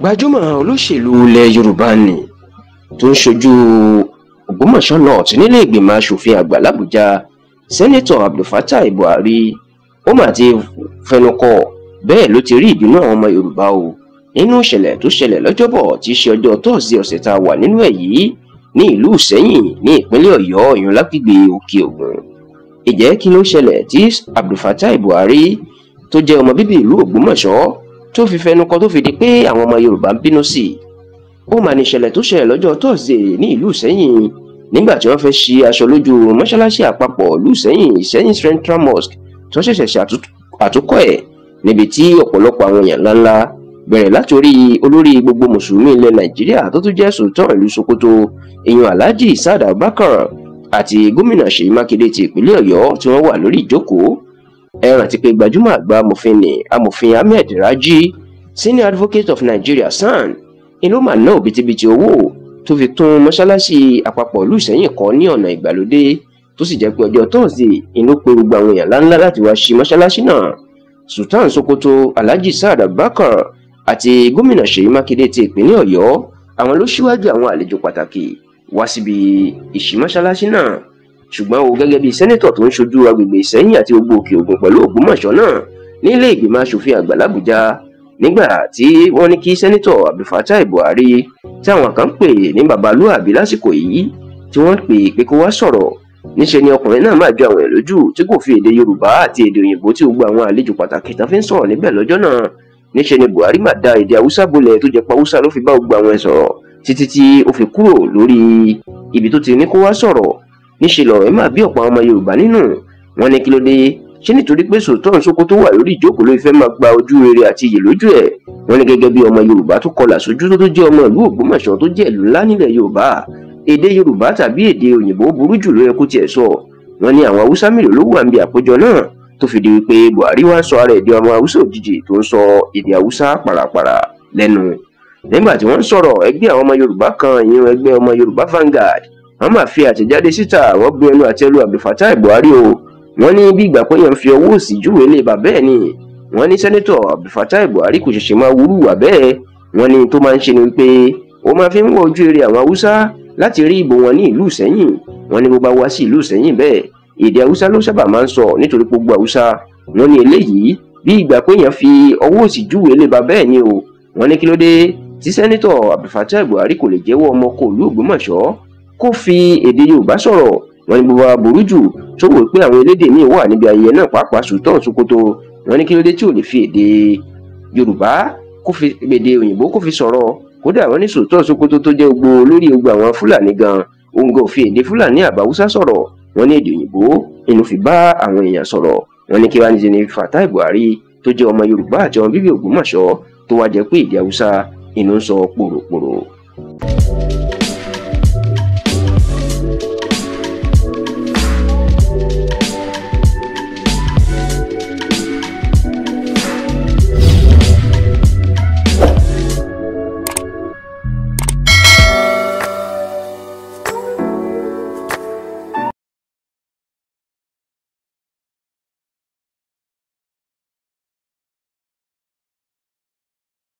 gbajúmọ̀ olóṣèlú ilẹ̀ yorùbá ni tó ń ṣojú ògbómọ̀ṣọ́ north nílé ìgbìmọ̀ asòfin àgbà làbújá sẹ́nẹ́tọ̀ abdulfatai buhari ó mà ti fẹnukò bẹ́ẹ̀ ló ti rí ìbínú àwọn ọmọ yorùbá o nínú ìṣẹ̀lẹ̀ tó ṣẹlẹ̀ lọ́jọ́bọ̀ tí í ṣe ọjọ́ tọ́sí ọ̀sẹ̀ tá a wà nínú ẹ̀ yìí ní ìlú ìsẹ́yìn ní ìpínlẹ̀ ọ̀yọ́ ìyún lágbègbè òkè ògùn ìjẹ́ kí ló ṣẹlẹ̀ tí abdulfatai buhari tó jẹ́ ọmọ bíbí ìlú ògbómọ̀ṣọ́ tó fi fẹnu kò tó fi di pé àwọn ọmọ yorùbá ń bínú sí i ó mà ní ìṣẹ̀lẹ̀ tó ṣẹlẹ̀ lọ́jọ́ thursday ní ìlú ìṣẹ́yìn nígbà tí wọ́n fẹ́ ṣe aṣọ lójú mọ́ṣáláṣí àpapọ̀ ìlú ìṣẹ́yìn ìṣẹ́yìn central mosque tó ṣẹ̀ṣẹ̀ ṣe àtúkọ̀ ẹ̀ níbi tí ọ̀pọ̀lọpọ̀ àwọn èèyàn ńláńlá bẹ̀rẹ̀ láti orí olórí gbogbo mùsùlùmí ilẹ̀ nàìjíríà tó tún jẹ́ sultan ìlú sokoto èèyàn alhaji saad abubakar àti gómìnà ṣèyí mákindé ti ìpínlẹ̀ ọ̀yọ́ tí wọ́n wà lórí ìjókòó ẹ rántí pé gbajúmọ̀ àgbà amòfin ni amòfin Ahmed Raji senior advocate of Nigeria SAN inú mà ná òbítíbitì owó tó fi tún mọ́ṣáláṣí àpapọ̀ ìlú Ìsẹ́yìn kọ́ ní ọ̀nà ìgbàlódé tó sì jẹ́ pé ọjọ́ Thursday inú pé gbogbo àwọn èèyàn láńlá láti wá ṣí mọ́ṣáláṣí náà Sultan Sokoto Alhaji Saad Abubakar àti gómìnà Ṣèyí Mákindé ti ìpínlẹ̀ Ọ̀yọ́ àwọn ló ṣíwájú àwọn àlejò pàtàkì wá síbi ìṣí mọ́ṣáláṣí náà ṣùgbọ́n o gẹ́gẹ́ bíi sẹ́nẹ́tọ̀ tó ń ṣojú agbègbè ìsẹ́yìn àti gbogbo òkè ògùn pẹ̀lú ògbómọ̀ṣọ́ náà nílé ìgbìmọ̀ asòfin àgbà làbújá nígbà tí wọ́n ní kí sẹ́nẹ́tọ̀ abdulfatai buhari táwọn kan pè ní babalúàbí lásìkò yìí tí wọ́n pè pé kó wá sọ̀rọ̀ níṣẹ́ ni ọkùnrin náà máa ju àwọn èèyàn lójú tí kò fi èdè yorùbá àti èdè òyìnbó tí gbogbo àwọn àlejò pàtàkì tán fi ń sọ̀rọ̀ níbẹ̀ lọ́jọ́ náà níṣẹ́ ni buhari máa da èdè haúsá bolẹ̀ tó jẹ́ pa haúsá ló fi bá gbogbo àwọn ẹ̀ sọ̀rọ̀ títí tí ó fi kúrò lórí ibi tó ti ní kó wá sọ̀rọ̀ níṣe lọ̀rọ̀ ẹ̀ máa bí ọ̀pọ̀ àwọn ọmọ yorùbá nínú wọn ní kí ló dé ṣé nítorí pé sultan sokoto wà lórí ìjókòó ló fẹ́ máa gba ojú rere àti iyì lójú ẹ̀ wọn ní gẹ́gẹ́ bí ọmọ yorùbá tó kọlà sójú tó jẹ́ ọmọ ìlú ògbómọ̀ṣọ́ tó jẹ́ ìlú ńlá nílẹ̀ yorùbá èdè yorùbá tàbí èdè òyìnbó burú jù ló yẹ kó tiẹ̀ sọ wọn ní àwọn haúsá mélòó ló wà níbi àpéjọ náà tó fi di wípé buhari wá sọ ara èdè ọmọ haúsá òjijì tó ń sọ èdè haúsá pàràpàrà lẹ́nu nígbà tí wọ́n ń sọ̀rọ̀ àwọn ọmọ yorùbá kan ìyẹn ẹgbẹ́ ọmọ yorùbá Vanguard wọ́n máa fi àtẹ̀jáde síta wọ́n bu ẹnu àtẹ́lu Abdulfatai Buhari o wọ́n ní bí ìgbà pé yẹn ń fi ọwọ́ òsì júwèé lè bà bẹ́ẹ̀ ni wọ́n ní sẹ́nẹ́tọ̀ Abdulfatai Buhari kò ṣẹ̀ṣẹ̀ máa wúrú wà bẹ́ẹ̀ wọ́n ní tó máa ń ṣe ni pé ó máa fi ń wọ ojú eré àwọn Haúsá láti rí ìbò wọn ní ìlú Ìsẹ́yìn wọ́n ní bó bá wá sí ìlú Ìsẹ́yìn bẹ́ẹ̀ èdè Haúsá ló sábà máa ń sọ nítorí gbogbo Haúsá wọ́n ní eléyìí bí ìgbà pé yẹn fi ọwọ́ òsì júwèé lè bà bẹ́ẹ̀ ni o wọ́n ní kí ló dé tí sẹ́nẹ́tọ̀ Abdulfatai Buhari kò lè jẹ́wọ́ ọmọ kò lú Ògbómọ̀ṣọ́ kó fi èdè yorùbá sọ̀rọ̀ wọn ní gbogbo aburú jù tó wò pé àwọn elédè míì wà níbi ayẹyẹ náà pàápàá sultan sokoto wọn ní kí ló dé tí ò lè fi èdè yorùbá kó fi èdè òyìnbó kó fi sọ̀rọ̀ kódà wọn ní sultan sokoto tó jẹ́ gbogbo olórí ogun àwọn fúlàní gan òǹgà òfin èdè fúlàní àbáwúsá sọ̀rọ̀ wọn ní èdè òyìnbó inú fi bá àwọn èèyàn sọ̀rọ̀ wọn ní kí wàá ní jẹni fatai buhari tó jẹ́ ọmọ yorùbá àti ọmọ bíbí ògbómọ̀ṣọ́ tó wá jẹ́ pé